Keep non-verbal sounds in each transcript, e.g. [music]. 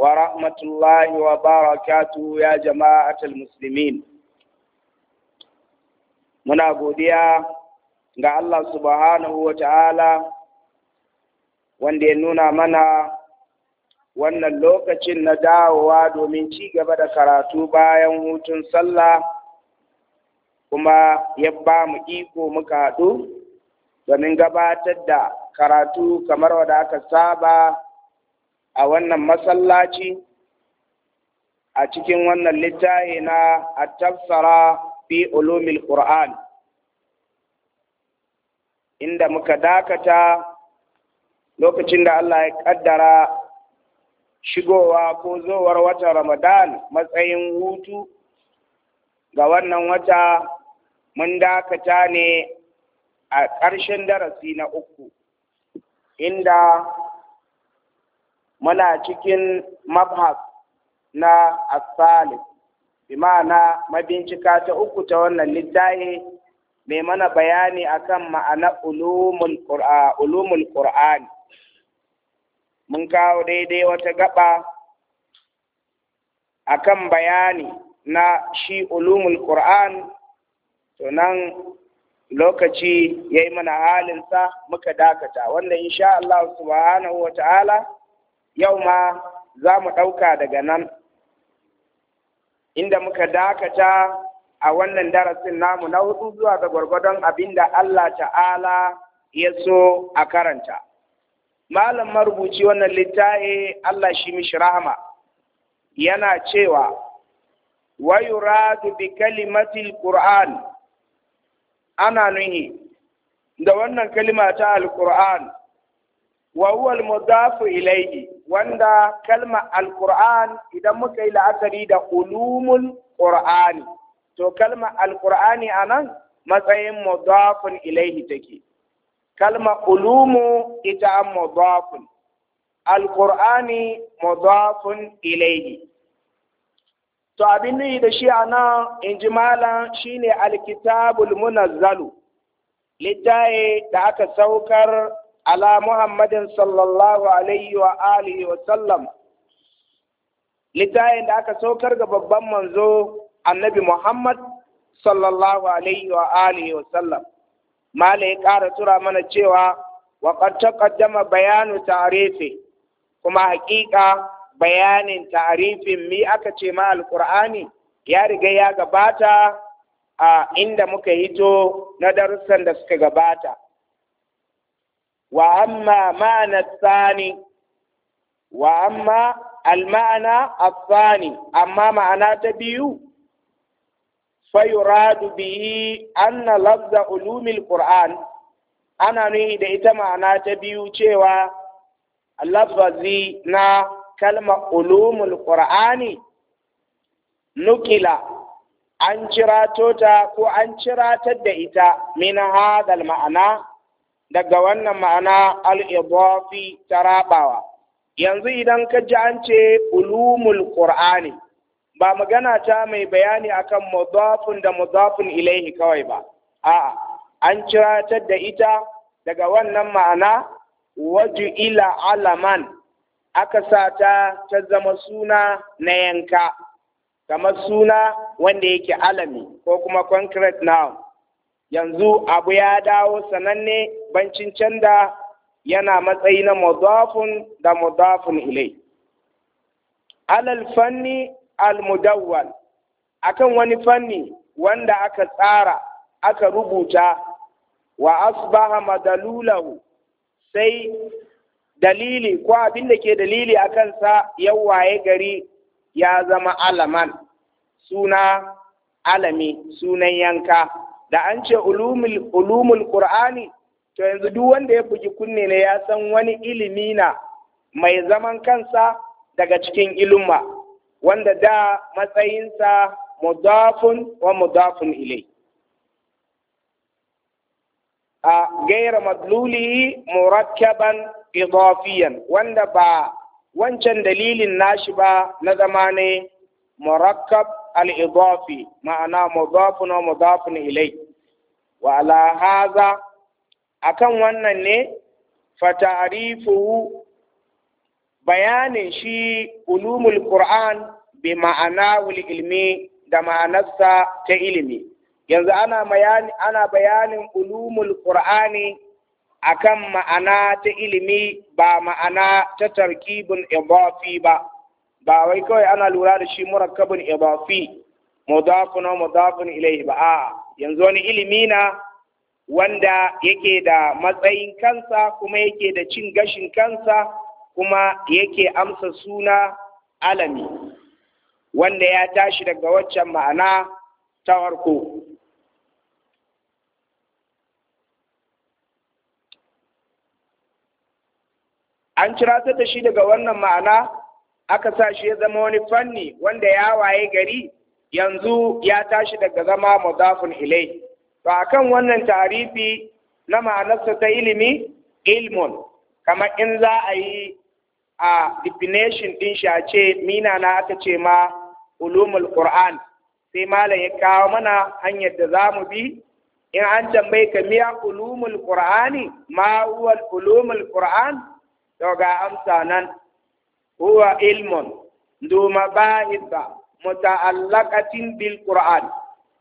Wa ورحمة الله وبركاته يا جماعة المسلمين muna godiya ga Allah subhanahu wa ta'ala wanda ya nuna mana wannan lokacin na dawowa domin ci gaba da karatu bayan hutun sallah kuma ya ba mu iko muka haɗu domin gabatar da karatu kamar wadda aka saba a wannan masallaci a cikin wannan littafi na at-tafsara fi ulumil qur'an inda muka dakata lokacin da Allah ya ƙaddara shigowa ko zowar wata Ramadan matsayin hutu ga wannan wata mun dakata ne a ƙarshen darasi na uku inda muna cikin mabhas na asali bi ma'ana mabincika ta uku ta wannan littafi mai mana bayani akan ma'ana ulumul qur'ani mun kawo daidai wata gaba akan bayani na shi ulumul qur'an to nan lokaci yayi mana halinsa muka dakata wanda insha Allah subhanahu wa ta'ala yau ma za mu ɗauka daga nan inda muka dakata a wannan darasin namu na hudu zuwa ga gwargwadon abinda Allah ta'ala ya so a karanta. Malam marubuci wannan littaye Allah shi mishi rahama yana cewa wayura bi kalimatil Qur'an ana nuhi da wannan kalima ta al-Qur'an wa huwa al ilayhi wanda kalma al-Qur'an idan muka yi la'akari da ulumul Qur'ani to kalma al-Qur'ani anan matsayin mudafun ilayhi take kalma ulumu ita mudafun al-Qur'ani mudafun ilayhi to abin nuyi da shi anan injimala shine al-kitabul munazzalu littaye da aka saukar على محمد صلى الله عليه وآله وسلم littafin da aka saukar ga babban manzo annabi Muhammad sallallahu alaihi wa wa sallam mala ya ƙara tura mana cewa wa qad taqaddama bayanu ta'rifi kuma haƙiƙa bayanin ta'rifin mi aka ce ma alqur'ani ya riga ya gabata a inda muka hito na darussan da suka gabata وأما معنى الثاني وأما المعنى الثاني أما معنى تبيو فيراد به أن لفظ علوم القرآن أنا نريد إذا معنى تبيو تشيوا لفظي نا كلمة علوم القرآن نكلا an cira tota ko an ciratar da ita min hadal ma'ana daga wannan ma'ana al ta rabawa, yanzu idan ka ji an ce ulumul qur'ani ba magana ta mai bayani akan mudafun da mudafun ilaihi kawai ba a'a an ciratar da ita daga wannan ma'ana waju ila alaman aka sa ta ta zama suna na yanka kama suna wanda yake alami ko kuma concrete noun yanzu abu ya dawo sananne bancin canda yana matsayi na mudafun da mudafun ilai alal fanni almudawwal akan wani fanni wanda aka tsara aka rubuta wa asbaha madalulahu sai dalili ko abin da ke dalili a kansa yau waye gari ya zama alaman suna alami sunan yanka da an ce ulumul qur'ani to yanzu duk wanda ya bugi kunne ne ya san wani ilimi na mai zaman kansa daga cikin ilimma wanda da matsayinsa mudafun wa mudafun ilai a gaira madluli murakkaban idafiyan wanda ba wancan dalilin nashi ba na zama ne murakkab al-idafi ma'ana mudafun wa mudafun ilai wa ala haza akan wannan ne fata'rifuhu bayanin shi ulumul qur'an bi ma'ana wal ilmi da ma'anarsa ta ilimi yanzu ana bayani ana bayanin ulumul qur'ani akan ma'ana ta ilimi ba ma'ana ta tarkibin idafi ba ba wai kawai ana lura da shi murakkabin idafi mudafun mudafun ilayhi ba a yanzu wani ilimi na wanda yake da matsayin kansa kuma yake da cin gashin kansa kuma yake amsa suna alami wanda ya tashi daga waccan ma'ana ta farko an cira ta da shi daga wannan ma'ana aka sa shi ya zama wani fanni wanda ya waye gari yanzu ya tashi daga zama mudafun ilai to akan wannan tarifi na ma'anarsa ta ilimi ilmun kamar in za a yi a definition din shi a ce mina na aka ce ma ulumul qur'an sai malam ya kawo mana hanyar da za mu bi in an tambaye ka miya ulumul qur'ani ma huwa ulumul qur'an to ga amsa nan huwa ilmun duma ba'ida muta'allaqatin bil qur'an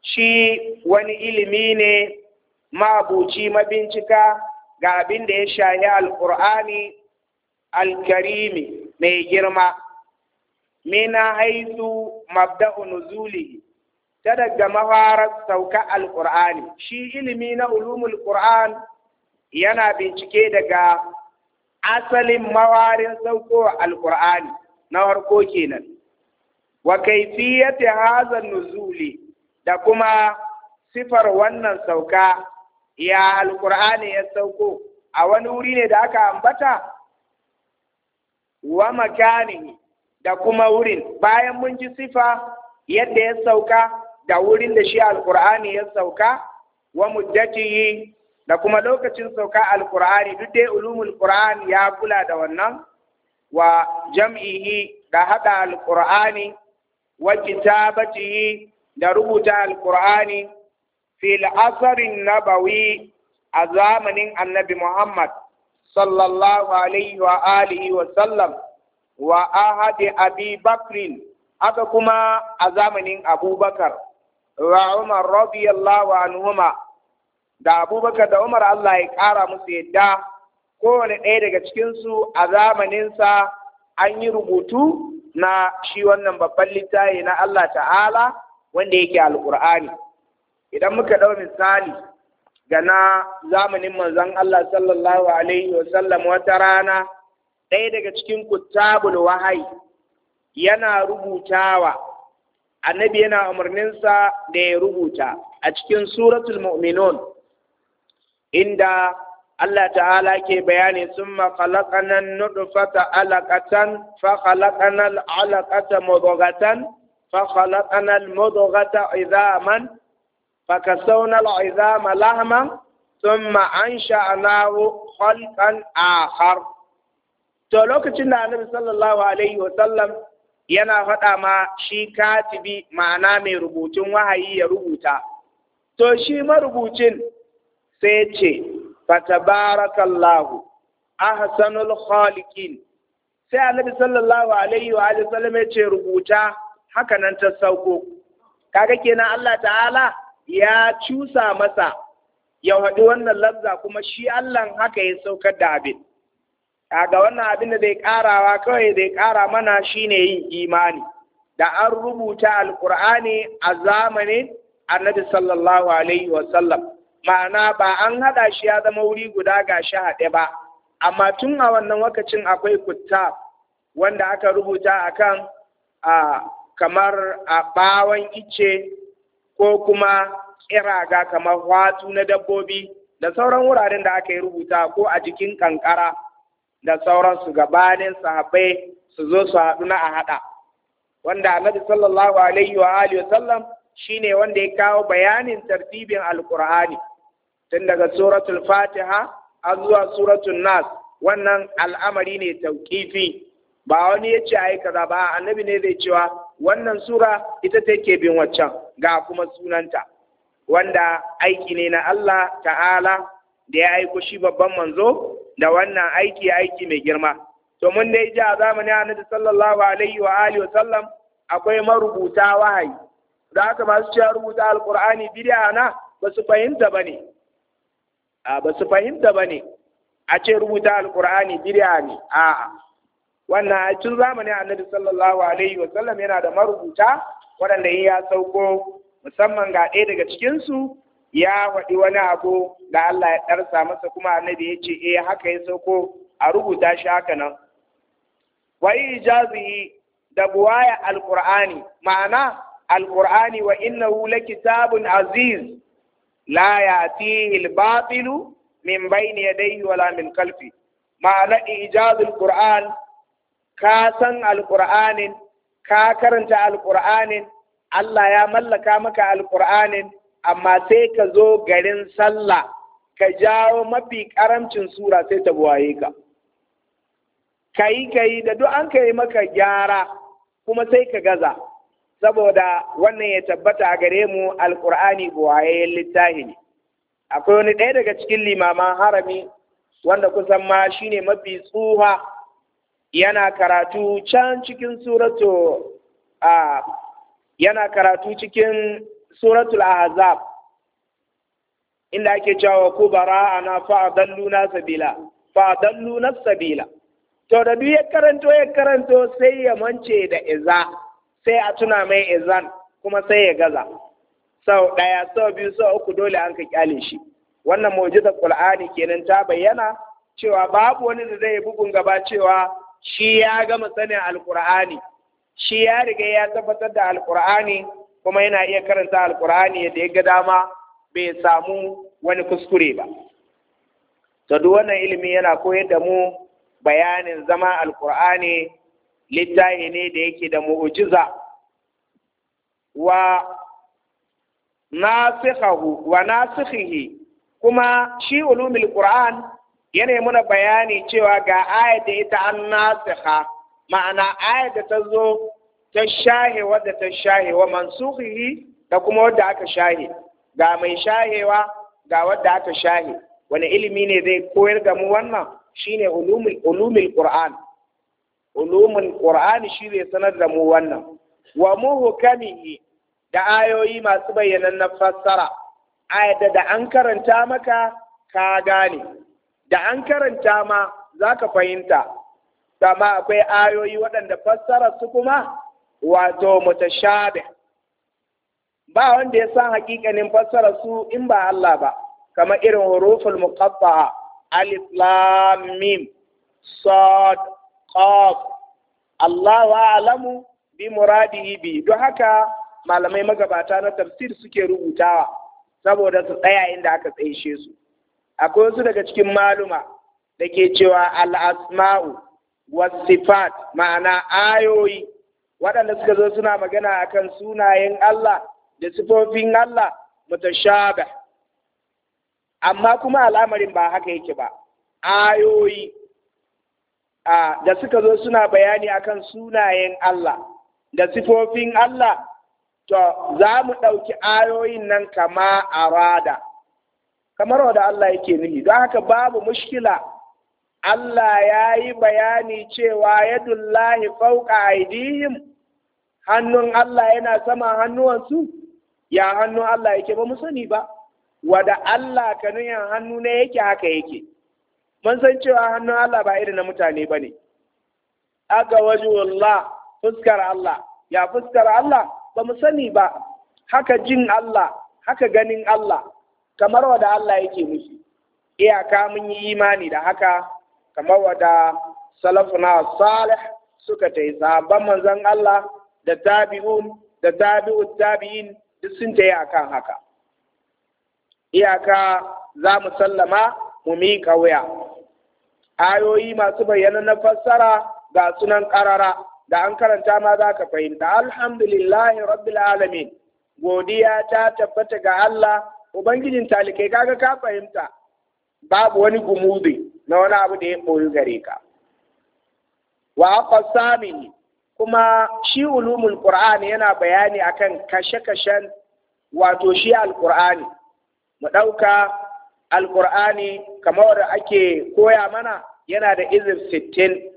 shi wani ilimi ne ma'abuci mabincika ga abin da ya shahi alƙur'ani alkarimi mai girma mina haitu mabda'u nuzuli ta daga mafarar sauka alƙur'ani shi ilimi na ulumul ƙur'an yana bincike daga asalin mawarin sauko alƙur'ani na harko kenan wa kaifiyati hazan nuzuli da kuma sifar wannan sauka ya alkur'ani ya sauko a wani wuri ne da aka ambata wa makanihi da kuma wurin bayan mun ji sifa yadda ya sauka da wurin da shi alkur'ani ya sauka wa muddatihi da kuma lokacin sauka alkur'ani duk dai ulumul qur'an ya kula da wannan wa jam'ihi da hada alkur'ani wa kitabatihi da rubuta alkur'ani fil asarin nabawi a zamanin annabi Muhammad sallallahu alaihi wa alihi wa sallam wa ahadi abi bakrin haka kuma a zamanin abubakar wa umar radiyallahu anhuma da abubakar da umar Allah ya kara musu yadda kowane ɗaya daga cikinsu a zamaninsa an yi rubutu na shi wannan babban littafi na Allah ta'ala wanda yake alƙur'ani idan muka ɗau misali ga na zamanin manzon Allah sallallahu alaihi Sallam wata rana ɗaya daga cikin kutabul wahayi yana rubutawa annabi yana umarninsa da ya rubuta a cikin suratul mu'minun inda Allah ta'ala ke bayani summa khalaqana nutfata alaqatan fa khalaqana alaqata mudghatan فخلقنا المضغة عظاما فكسونا العظام لهما ثم أنشأناه خلقا آخر to lokacin da annabi sallallahu alaihi wa sallam yana faɗa ma shi katibi ma'ana mai rubutun wahayi ya rubuta to shi marubucin sai ce fatabarakallahu ahsanul khaliqin sai annabi sallallahu alaihi wa sallam ya ce rubuta haka nan ta sauko kaga kenan Allah ta'ala ya cusa masa ya haɗu wannan lafza kuma shi Allah haka ya saukar da abin kaga wannan abin da zai ƙarawa, kawai zai ƙara mana shine yin imani da an rubuta alƙur'ani a zamanin annabi sallallahu alaihi wasallam ma'ana ba an haɗa shi ya zama wuri guda ga shi haɗe ba amma tun a wannan lokacin akwai kutta wanda aka rubuta akan a ah, kamar a ɓawon ice ko kuma ƙiraga kamar watu na dabbobi da sauran wuraren da aka yi rubuta ko a jikin kankara da sauransu gabanin sahabbai su zo su haɗu na a haɗa wanda annabi sallallahu alaihi wa alihi wa sallam shine wanda ya kawo bayanin tartibin alqur'ani tun daga suratul fatiha har zuwa suratul nas wannan al'amari ne tauqifi ba wani ya ce ai kaza ba annabi ne zai cewa wannan sura ita take bin waccan ga kuma sunanta wanda aiki ne na Allah ta'ala da ya aiko shi babban manzo da wannan aiki aiki mai girma to mun dai ji a zamanin annabi sallallahu alaihi wa alihi akwai marubuta wahayi da ba masu cewa rubuta alqur'ani bid'a na ba su fahimta bane a ba su fahimta bane a ce rubuta alqur'ani bid'a ne a'a wannan cikin zamanin annabi sallallahu alaihi wa sallam yana da marubuta waɗanda in ya sauko musamman ga ɗaya daga cikinsu ya waɗi wani abu da Allah ya ɗarsa masa kuma annabi ya ce eh haka ya sauko a rubuta shi haka nan wa ijazihi da buwaya alqur'ani ma'ana alqur'ani wa innahu lakitabun aziz la yatihi albatilu min bayni yadayhi wala min khalfi ma'ana ijazul qur'an ka san alƙur'anin ka karanta alƙur'anin Allah ya mallaka maka alƙur'anin amma sai ka zo garin sallah ka jawo mafi ƙaramcin sura sai ta buwaye ka kayi kayi da duk an kai maka gyara kuma sai ka gaza saboda wannan ya tabbata a gare mu alƙur'ani buwayayyen littafi ne akwai wani ɗaya daga cikin limaman harami wanda kusan ma shine mafi tsuha yana karatu can cikin suratu a yana karatu cikin suratul azab. inda ake cewa ku bara ana fa'adallu na sabila fa'adallu na sabila to da duk ya karanto ya karanto sai ya mance da iza sai a tuna mai izan kuma sai ya gaza sau ɗaya sau biyu sau uku dole an ka kyale shi wannan mojizar qur'ani kenan ta bayyana cewa babu wani da zai bugun gaba cewa shi ya gama sanin alkur'ani shi ya riga ya tabbatar da alkur'ani kuma yana iya karanta alkur'ani yadda ya ga dama bai samu wani kuskure ba to duk wannan ilimi yana koyar da mu bayanin zama alkur'ani littafi ne da yake da mu'jiza wa nasikhahu wa nasikhihi kuma shi ulumul qur'an yana muna bayani cewa ga aya da ita an nasikha ma'ana aya da ta zo ta shahe da ta shahe wa da kuma wadda aka shahe ga mai shahewa ga wadda aka shahe wani ilimi ne zai koyar da mu wannan shine ulumul ulumin qur'an ulumul qur'an shi zai sanar da mu wannan wa muhkamihi da ayoyi masu bayyanan na fassara ayat da an karanta maka ka gane da an karanta ma za ka fahimta ma akwai ayoyi waɗanda fassara su kuma wato mutashabih ba wanda ya san hakikanin fassara su in ba Allah ba kamar irin huruful muqatta'a alif lam mim sad qaf wa a'lamu bi muradihi bi don haka malamai magabata na tafsir suke rubutawa saboda su tsaya inda aka tsaishe su akwai wasu daga cikin maluma da ke cewa al'asma'u wasifat ma'ana ayoyi waɗanda suka zo suna magana akan sunayen Allah da sifofin Allah mutashabih amma kuma al'amarin ba haka yake ba ayoyi da suka zo suna bayani akan sunayen Allah da sifofin Allah to za mu ɗauki ayoyin nan kama arada kamar wanda Allah yake nihi don haka babu mushkila Allah ya yi bayani cewa yadullahi fauka aidihim hannun Allah yana sama hannuwansu ya hannun Allah yake ba mu ba wada Allah kanuyan hannu ne yake haka yake mun san cewa hannun Allah ba irin na mutane ba ne aga wajhullah fuskar Allah ya fuskar Allah ba mu sani ba haka jin Allah haka ganin Allah kamar wada Allah yake musu iyaka mun yi imani da haka kamar wada salafuna salih suka ta yi sahabban manzon Allah da tabi'un da tabi'u tabi'in duk sun ta yi akan haka iyaka za mu sallama mu miƙa wuya ayoyi masu bayyana na fassara ga sunan ƙarara da an karanta ma za ka fahimta alhamdulillahi rabbil alamin godiya ta tabbata ga Allah ubangijin talikai kaga ka fahimta babu wani gumuzi na wani abu da ya koyi gare ka wa qasamini kuma shi ulumul qur'ani yana bayani akan kashe-kashen wato shi mu dauka Alƙur'ani kamar da ake koya mana yana da izin sittin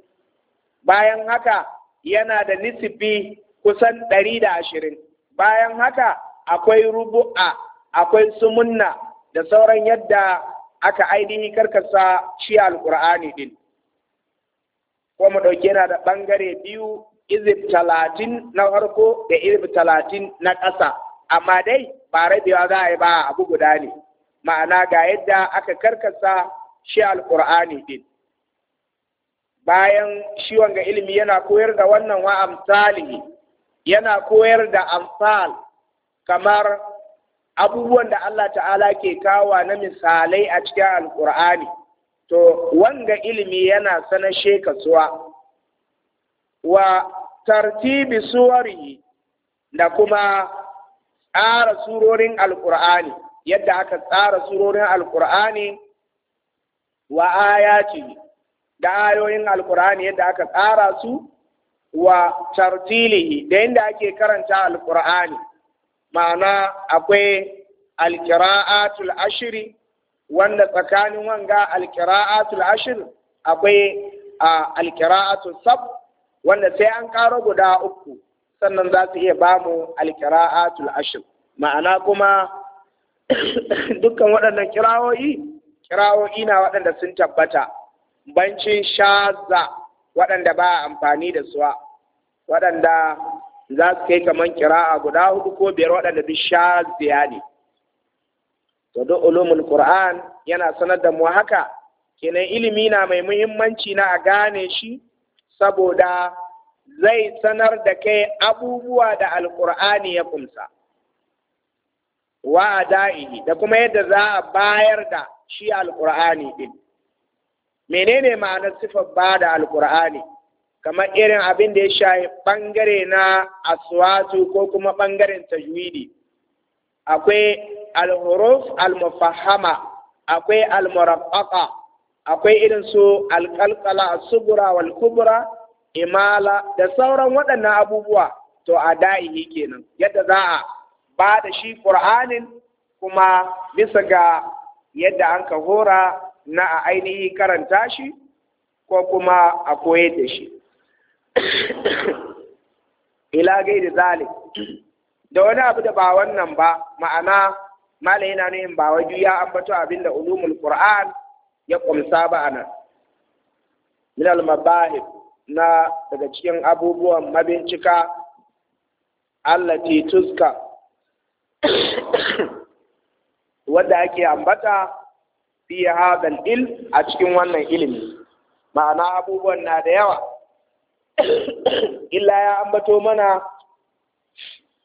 bayan haka yana da nisibi kusan ɗari da ashirin bayan haka akwai rubu'a akwai sumunna da sauran yadda aka ainihi karkasa shi alqur'ani din ko mu dauke yana da bangare biyu izib talatin na farko da izib talatin na ƙasa amma dai ba rabewa za a yi ba abu guda ne ma'ana ga yadda aka karkasa shi alqur'ani din bayan shi wanga ilimi yana koyar da wannan wa yana koyar da amsal kamar abubuwan da Allah ta'ala ke kawa na misalai a cikin alkur'ani to wanga ilimi yana sanashe kasuwa wa tartibi suwari da kuma tsara surorin alkur'ani yadda aka tsara surorin alkur'ani wa ayati da ayoyin alkur'ani yadda aka tsara su wa tartilihi da yadda ake karanta alkur'ani ma'ana akwai alkira'atul ashiri wanda tsakanin wanga alkira'atul ashir akwai alkira'atul sab wanda sai an ƙara guda uku sannan za su iya ba mu alkira'atul ashir ma'ana kuma [coughs] dukkan waɗannan kirawoyi kirawoyi na waɗanda sun tabbata bancin shaza waɗanda ba amfani da suwa waɗanda za su kai kamar kira'a guda hudu ko biyar waɗanda duk ziya ne to duk ulumul qur'an yana sanar da mu haka kenan ilimi na mai muhimmanci na a gane shi saboda zai sanar da kai abubuwa da alkur'ani ya kumsa wa da'ihi da kuma yadda za a bayar da shi alkur'ani din menene ma'anar siffar ba da alkur'ani kamar irin abin da ya shafi ɓangare na aswatu ko kuma ɓangaren tajwidi akwai al-huruf al-mufahama akwai al-murabbaqa akwai irin su al-qalqala as-sughra wal kubra imala da sauran waɗannan abubuwa to a da'ihi kenan yadda za a ba da shi qur'anin kuma bisa ga yadda an ka hora na a ainihi karanta shi ko kuma a koyar da shi ila gairi zalik da wani abu da ba wannan ba ma'ana mala yana nuyin ba waju ya ambato abin da ulumul qur'an ya kumsa ba ana min al mabahib na daga cikin abubuwan mabincika ti tuska wadda ake ambata fi hadal il a cikin wannan ilimi ma'ana abubuwan na da yawa [coughs] illa ya ambato mana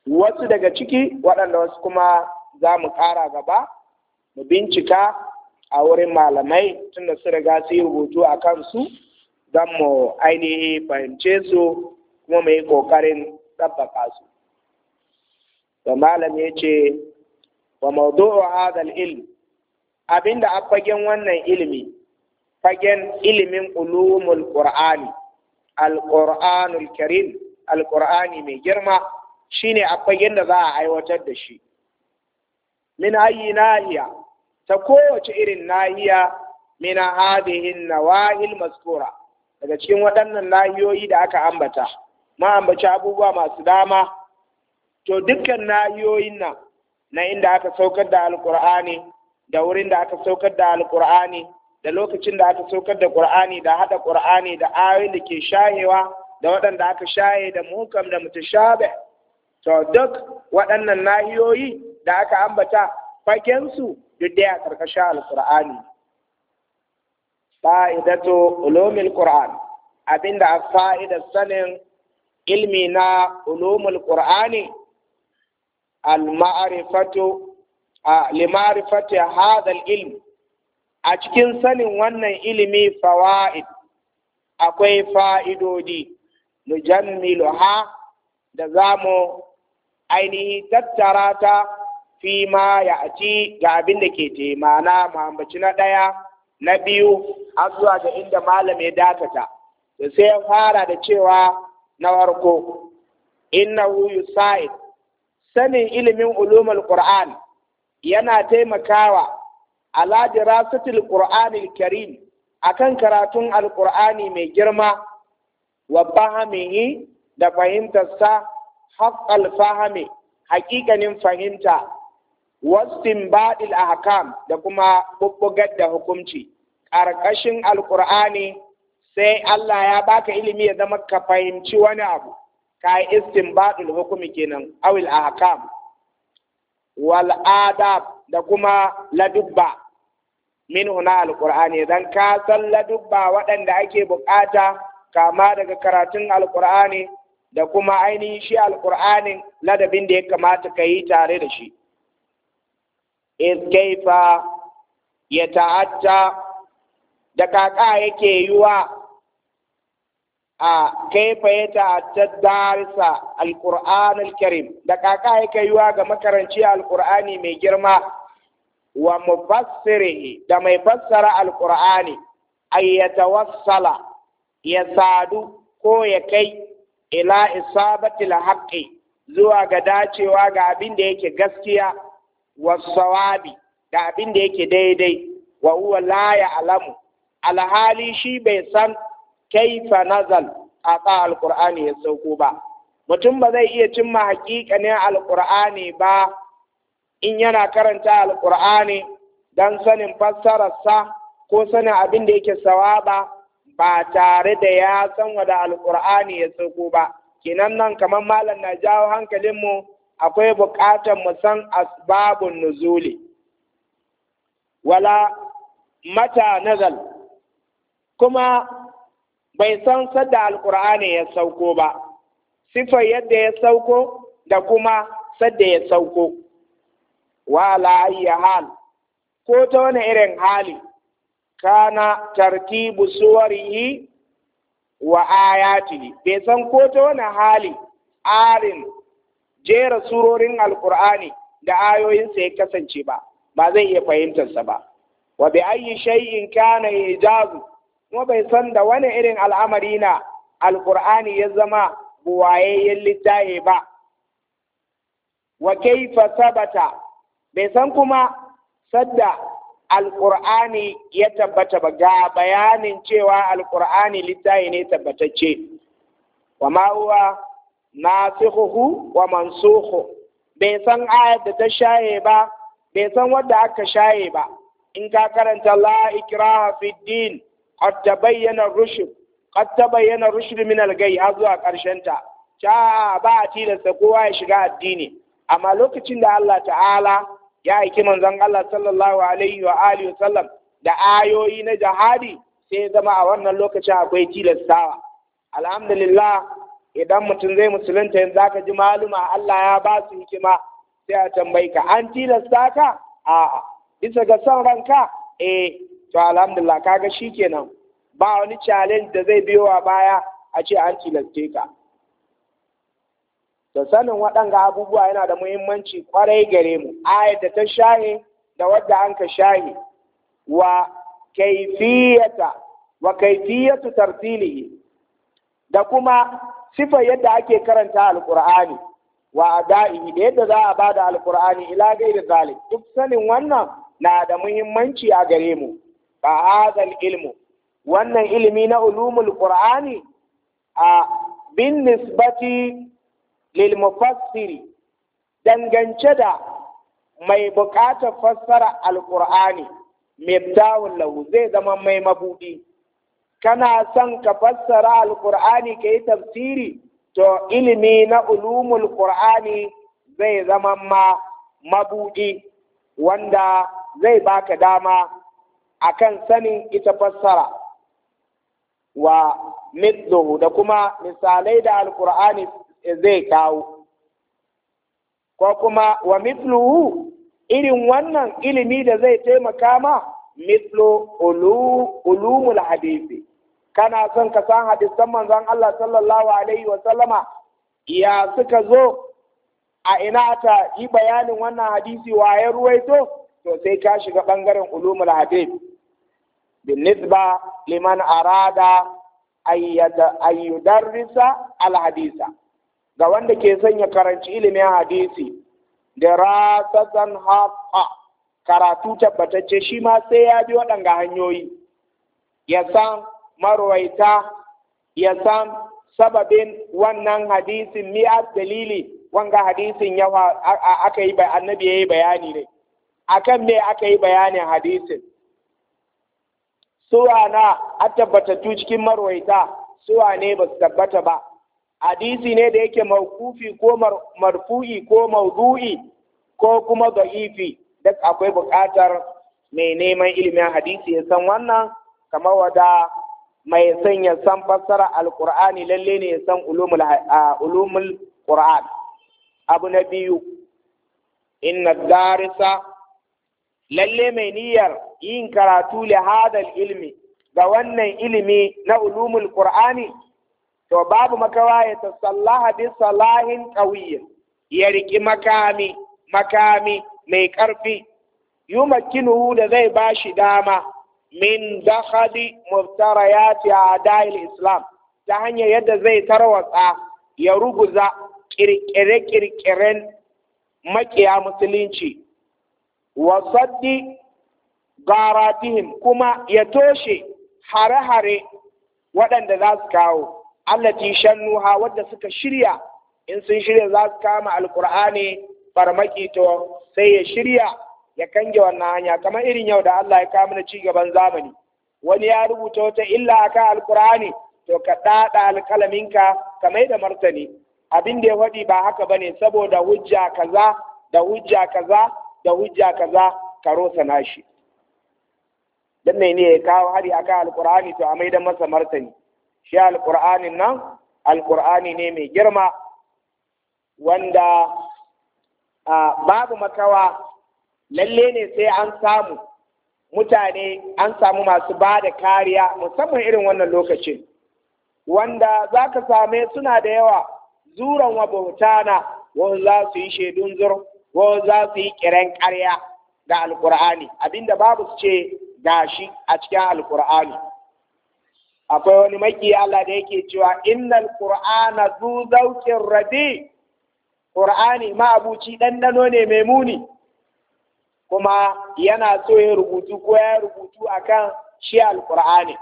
wasu daga ciki waɗanda wasu kuma za mu ƙara gaba mu bincika a wurin malamai tunda su riga su yi rubutu a kansu don mu ainihi fahimce su kuma mu yi ƙoƙarin ɗabbaka su. Da malam ya ce, wa mawdu'u hadal ilm abinda a fagen wannan ilimi fagen ilimin ulumul qur'ani alƙur'anul karim alƙur'ani mai girma shine akwai yadda za a aiwatar da shi min ayi nahiya ta kowace irin nahiya min wahil nawahil maskura daga cikin waɗannan nahiyoyi da aka ambata ma ambaci abubuwa masu dama to dukkan nahiyoyin nan na inda aka saukar da alƙur'ani da wurin da aka saukar da alƙur'ani da lokacin da aka saukar da ƙur'ani da haɗa ƙur'ani da ayoyin da ke shayewa da waɗanda aka shaye da mukam da shaɓe, to duk waɗannan nahiyoyi da aka ambata fakensu su duk dai a karkashin alƙur'ani fa'idatu ulumil qur'an abinda a fa'idar sanin ilmi na ulumul qur'ani al ma'rifatu li ma'rifati hadha al ilm a cikin sanin wannan ilimi fawa'id akwai fa'idodi mujammiluha da zamu mu ainihi tattara ta fi ma ya ci ga abin da ke taimana mahambaci na ɗaya na biyu har zuwa ga inda malam ya dakata da sai ya fara da cewa na farko innahu Sa'id, sanin ilimin ulumul qur'an yana taimakawa ala dirasatil qur'anil karim akan karatun alqur'ani mai girma wa fahamihi da fahimtarsa haqqal fahami haƙiƙanin fahimta wastin baɗil ahkam da kuma bubbugar da hukunci ƙarƙashin alƙur'ani sai Allah ya baka ilimi ya zama ka fahimci wani abu ka yi hukumi kenan awil ahkam wal adab da kuma ladubba min huna alqur'ani dan ka san ladubba waɗanda ake buƙata kama daga karatun alqur'ani da kuma ainihin shi alqur'anin ladabin da ya kamata ka yi tare da shi In kaifa ya ta'atta da kaka yake yiwa a kaifa ya ta'atta darisa alqur'an karim da kaka yake wa ga makaranci alqur'ani mai girma wa mufassirihi da mai fassara alqur'ani ay yatawassala ya sadu ko ya kai ila isabati alhaqi zuwa ga dacewa ga abin da yake gaskiya wa sawabi da abin da yake daidai wa huwa la ya'lamu alhali shi bai san kaifa nazal a alqur'ani ya sauko ba mutum ba zai iya cimma haƙiƙanin alqur'ani ba in yana karanta alƙur'ani don sanin fassararsa ko sanin abin da yake sawaba ba tare da ya san wada alƙur'ani ya sauko ba kinan nan kamar malam na jawo hankalinmu akwai buƙatar mu san asbabun nuzuli wala mata nazal kuma bai san sadda alƙur'ani ya sauko ba sifa yadda ya sauko da kuma sadda ya sauko Walaya ayya hal ko ta wani irin hali kana tartibu suwarihi wa ayatihi bai san ko ta wani hali arin jera surorin alkur'ani da ayoyinsa ya kasance ba ba zai iya fahimtarsa ba wa bi ayyi shay'in kana ijazu kuma bai san da wani irin al'amari na alkur'ani ya zama buwayayyen littaye ba wa kaifa sabata bai san kuma sadda alƙur'ani ya tabbata ba ga bayanin cewa alƙur'ani littafi ne tabbatacce wa ma'uwa nasihuhu wa mansuhu bai san aya da ta shaye ba bai san wadda aka shaye ba in ka karanta la ikraha fi din qad tabayyana rushd qad tabayyana rushd min al-gay azwa zuwa ƙarshen ta ta ba a tilasta kowa ya shiga addini amma lokacin da Allah ta'ala ya aiki manzon Allah sallallahu alaihi wa alihi sallam da ayoyi na jihadi sai zama a wannan lokacin akwai tilastawa alhamdulillah idan mutum zai musulunta yanzu zaka ji maluma Allah ya ba su hikima sai a tambayi ka an tilasta ka a bisa ga son ranka eh to alhamdulillah kaga shikenan ba wani challenge da zai biyo a baya a ce an tilaste ka da sanin waɗanga abubuwa yana da muhimmanci kwarai gare mu ayat da ta shahi da wadda an ka shahi wa kaifiyata wa kaifiyatu tartilihi da kuma sifar yadda ake karanta alqur'ani wa ada'ihi da yadda za a bada alqur'ani ila gairi zalik duk sanin wannan na da muhimmanci a gare mu ba hadal ilmu wannan ilimi na ulumul qur'ani a bin nisbati lil dangance da mai buƙatar fassara alƙur'ani mibtawun lahu zai zama mai mabudi kana son ka fassara alƙur'ani ka yi tafsiri to ilimi na ulumul ƙur'ani zai zama ma mabudi wanda zai baka dama akan sanin ita fassara wa mithluhu da kuma misalai da alƙur'ani zai kawo ko kuma wa mitluhu irin wannan ilimi da zai taimaka ma mithlu ulumul hadisi kana son ka san hadisan manzon Allah sallallahu alaihi wa sallama ya suka zo a ina ta yi bayanin wannan hadisi wa ruwaito to sai ka shiga bangaren ulumul hadith بالنسبة liman arada أن al hadisa ga wanda ke son ya karanci ilimin hadisi da rasatan haqa karatu tabbatacce shi ma sai ya bi waɗanga hanyoyi ya san marwaita ya san sababin wannan hadisin mia dalili wanga hadisin yawa aka yi annabi ya yi bayani ne akan me aka yi bayanin hadisin suwa na a tabbatattu cikin marwaita suwa ne ba su tabbata ba hadisi ne da yake mawkufi ko marfu'i ko mawdu'i ko kuma da'ifi duk akwai buƙatar mai neman ilimin hadisi ya san wannan kamar wada mai san ya san fassara alqur'ani lalle ne ya san ulumul ulumul qur'an abu na biyu inna darisa lalle mai niyyar yin karatu li hadal ilmi ga wannan ilimi na ulumul qur'ani to babu makawa ya tasallaha bi salahin qawiyyin ya riki makami makami mai karfi yumakkinuhu da zai bashi dama min dakhali muftarayati adai islam ta hanyar yadda zai tarwatsa ya ruguza kirkire-kirkiren makiya musulunci wa saddi garatihim kuma ya toshe hare-hare waɗanda za su kawo allati shannuha wadda suka shirya in sun shirya za su kama alqur'ani farmaki to sai ya shirya ya kange wannan hanya kamar irin yau da Allah ya kama na cigaban zamani wani ya rubuta wata illa akan alqur'ani to ka dada alkalaminka ka mai da martani abin da ya faɗi ba haka bane saboda hujja kaza da hujja kaza da hujja kaza ka rosa nashi dan ne ya kawo hari akan alqur'ani to a mai da masa martani shi alƙur'anin nan alƙur'ani ne mai girma wanda a babu makawa lalle ne sai an samu mutane an samu masu ba da kariya musamman irin wannan lokacin wanda za ka same suna da yawa zuran wa na wani za su yi shaidun zur wani za su yi kiran karya ga alkur'ani abinda babu su ce shi a cikin alkur'ani akwai wani maki Allah da yake cewa innal qur'ana zu zawqin radi qur'ani ma abuci dano ne mai muni kuma yana so ya rubutu ko ya rubutu akan shi alqur'ani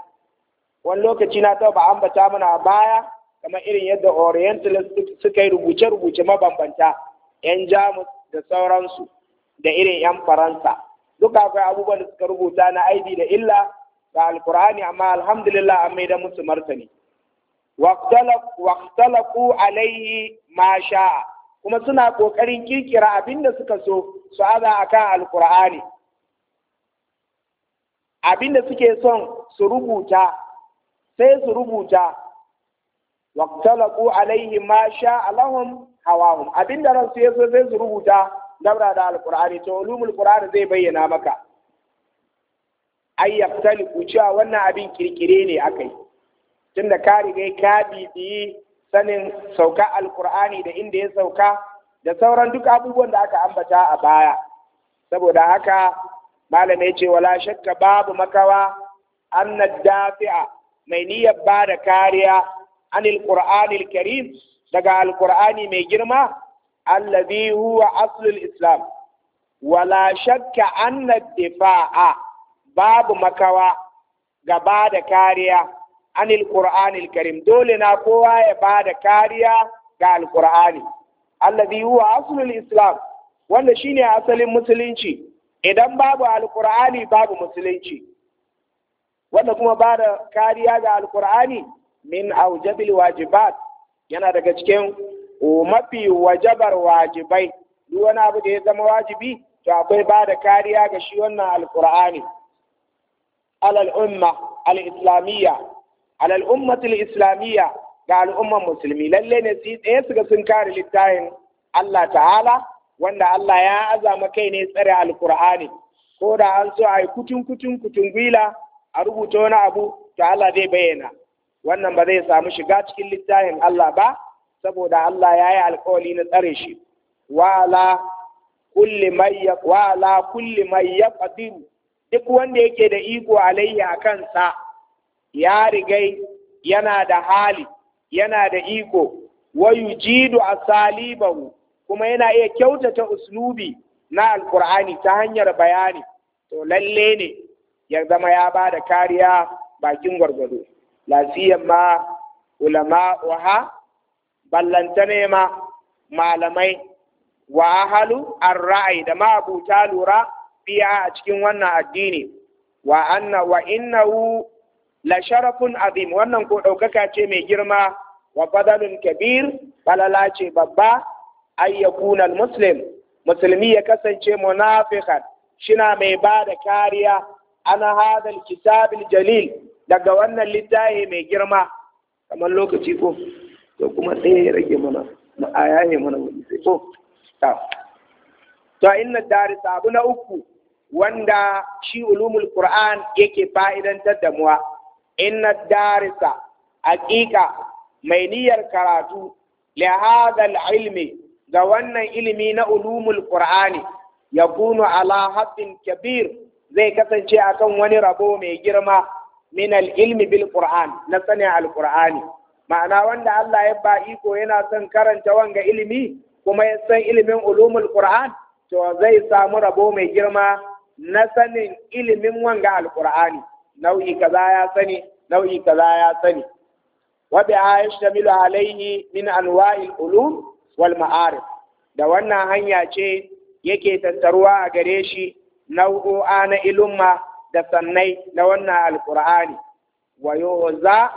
wani lokaci na taba ambata mana baya kamar irin yadda orientalist suka yi rubuce-rubuce mabambanta yan jamus da sauransu da irin yan faransa duk akwai abubuwan da suka rubuta na aibi da illa da alkur'ani amma alhamdulillah an maida musu martani ku alaihi ma sha'a kuma suna kokarin kirkira abinda suka so su aza akan alkur'ani abinda suke son su rubuta sai su rubuta ku alaihi ma sha'a lahum hawahum abinda su yaso sai su rubuta dabra da alkur'ani to ulumul qur'ani zai bayyana maka ay yaftaliqu cewa wannan abin kirkire ne akai tunda ka riga ka bibiyi sanin sauka alkur'ani da inda ya sauka da sauran duk abubuwan da aka ambata a baya saboda haka malama ya ce wala shakka babu makawa anna dafi'a mai niyyar ba da kariya an qur'anil karim daga alkur'ani mai girma allazi huwa aslul islam wala shakka anna difa'a babu makawa gaba da kariya anil qur'anil karim dole na kowa ya bada kariya ga alqur'ani alladhi huwa aslul islam wanda shine asalin musulunci idan babu alqur'ani babu musulunci wanda kuma bada kariya ga alqur'ani min aujabil wajibat yana daga cikin mafi wajabar wajibai duk wani abu da ya zama wajibi to akwai bada kariya ga shi wannan alqur'ani ala al'umma al'islamiyya ala al'ummatul islamiyya ga al'umman musulmi lallai ne su tsaye su ga sun kare littafin Allah ta'ala wanda Allah ya azama kai ne tsare alkur'ani ko da an so a yi kutun kutun gwila a rubuta na abu to Allah zai bayyana wannan ba zai samu shiga cikin littafin Allah ba saboda Allah ya yi alkawali na tsare shi wala kulli may wala kulli duk wanda yake da iko alayya a kansa ya rigai yana da hali yana da iko wayu jidu asalibahu kuma yana iya kyautata uslubi na alkur'ani ta hanyar bayani to lalle ne ya zama ya ba da kariya bakin gwargwado lafiyan ma ulama waha ballanta ne ma malamai wa ahalu an ra'ayi da ma ma'abuta lura biya a cikin wannan addini wa anna wa innahu la sharafun azim wannan ko ɗaukaka ce mai girma wa fadalun kabir balala ce babba ay yakuna muslim musulmi ya kasance munafiqan shina mai ba da kariya ana hadal kitabil jalil daga wannan littafi mai girma kamar lokaci ko to kuma sai ya rage mana ma'aya ne mana wani sai ko ta to inna darisa abu na uku wanda shi ulumul Qur'an yake fa'idantar da muwa inna darisa haƙiƙa mai niyyar karatu lihazal ilmi ga wannan ilimi na ulumul Qur'ani yakunu ala haqqin kabir zai kasance akan wani rabo mai girma minal ilmi bil Qur'an na sani al Qur'ani ma'ana wanda Allah ya ba iko yana son karanta wanga ilimi kuma ya san ilimin ulumul Qur'an to zai samu rabo mai girma na sanin ilimin wanga Alƙur'ani, nau'i kaza ya sani nau'i kaza ya sani wa bi milu alaihi min anwa'il ulum wal ma'arif da wannan hanya ce yake tattaruwa a gare shi nau'o'a na ilumma da sannai na wannan alkur'ani wa yuza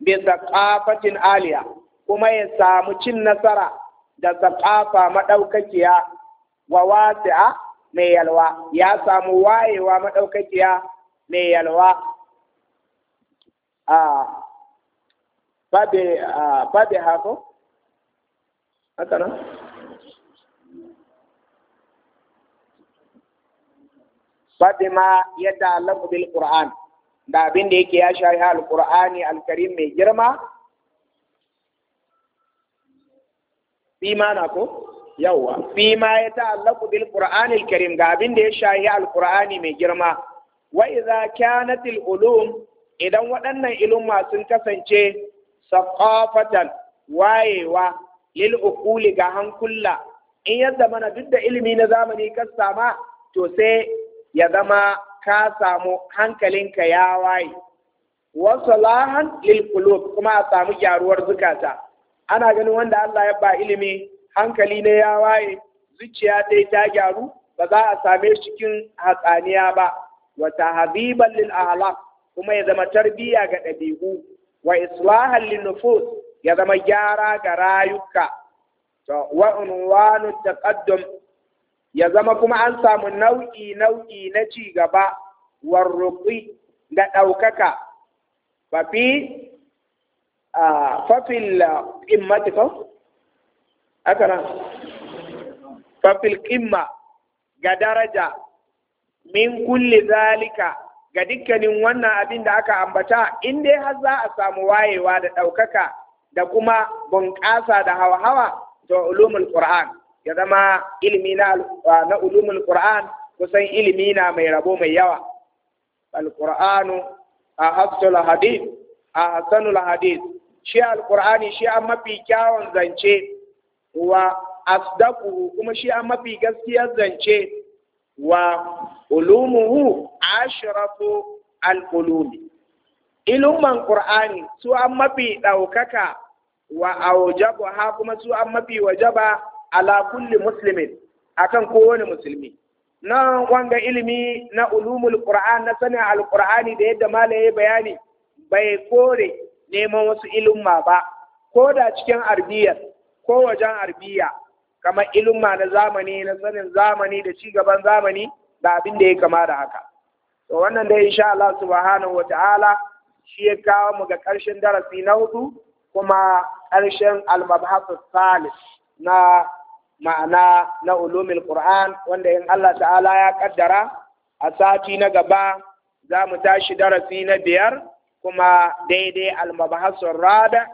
bi thaqafatin aliya kuma ya samu cin nasara da thaqafa madaukakiya wa wasi'a mai yalwa ya samu wayewa madaukakiya mai yalwa a fabe a haka nan fabe ma yadda Allah bil Qur'an da abin da yake ya al-Qur'ani Al-karim mai girma imana ko yawwa fi ma ya ta'allaqu bil qur'anil karim ga abin da ya shahi qur'ani mai girma wa idza kanat al ulum idan waɗannan ilma sun kasance saqafatan wayewa lil uquli ga hankula in ya mana duk da ilimi na zamani ka sama to sai ya zama ka samu hankalinka ya waye wa salahan lil qulub kuma a samu gyaruwar zukata ana ganin wanda Allah ya ba ilimi hankali ne ya waye zuciya dai ta gyaru ba za a same shi cikin hatsaniya ba wa tahbiban lil a'la kuma ya zama tarbiya ga ɗabi'u wa islahan lin nufus ya zama gyara ga rayuka to wa unwanu taqaddum ya zama kuma an samu nau'i nau'i na ci gaba ruqi da ɗaukaka fa fi fa fil haka fafil kimma ga daraja min kulli zalika ga dukkanin wannan abin da aka ambata in dai har za a samu wayewa da ɗaukaka da kuma bunƙasa da hawa-hawa da ulumul qur'an ya zama ilimi na ah, na ulumul qur'an kusan ilimi na mai rabo mai yawa al qur'anu ahsanul hadith Hassanul hadith shi al qur'ani shi an mafi kyawun zance wa asdaquhu kuma shi an mafi gaskiyar zance wa ulumuhu ashratu al-ulumi qur'ani su an mafi daukaka wa ha kuma su an mafi wajaba ala kulli muslimin akan kowane musulmi na wanga ilimi na ulumul qur'an na sanin alqur'ani da yadda malaye bayani bai kore neman wasu ilimma ba ko da cikin arbiyar ko wajen arbiya kamar ilimma na zamani na sanin zamani da ci gaban zamani da abin da ya kama da haka to wannan dai insha Allah subhanahu wataala shi ya kawo mu ga ƙarshen darasi na hudu kuma ƙarshen al-mabhasu salis na ma'ana na ulumul Qur'an wanda in Allah ta'ala ya kaddara a sati na gaba za mu tashi darasi na biyar kuma daidai al-mabhasu rada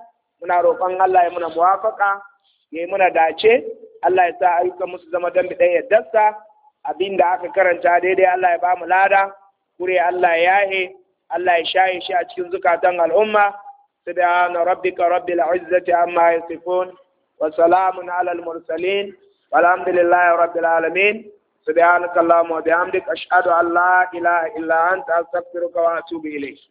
muna roƙon Allah ya muna muwafaka ya muna dace Allah ya sa ayyukan musu zama don bidan yardarsa abin da aka karanta daidai Allah ya bamu lada kure Allah ya yahe Allah ya shaye shi a cikin zukatan al'umma subhana rabbika rabbil izzati amma yasifun wa salamun ala al mursalin walhamdulillahi rabbil alamin subhanakallahumma wa bihamdika ashhadu an la ilaha illa anta astaghfiruka wa atubu ilayk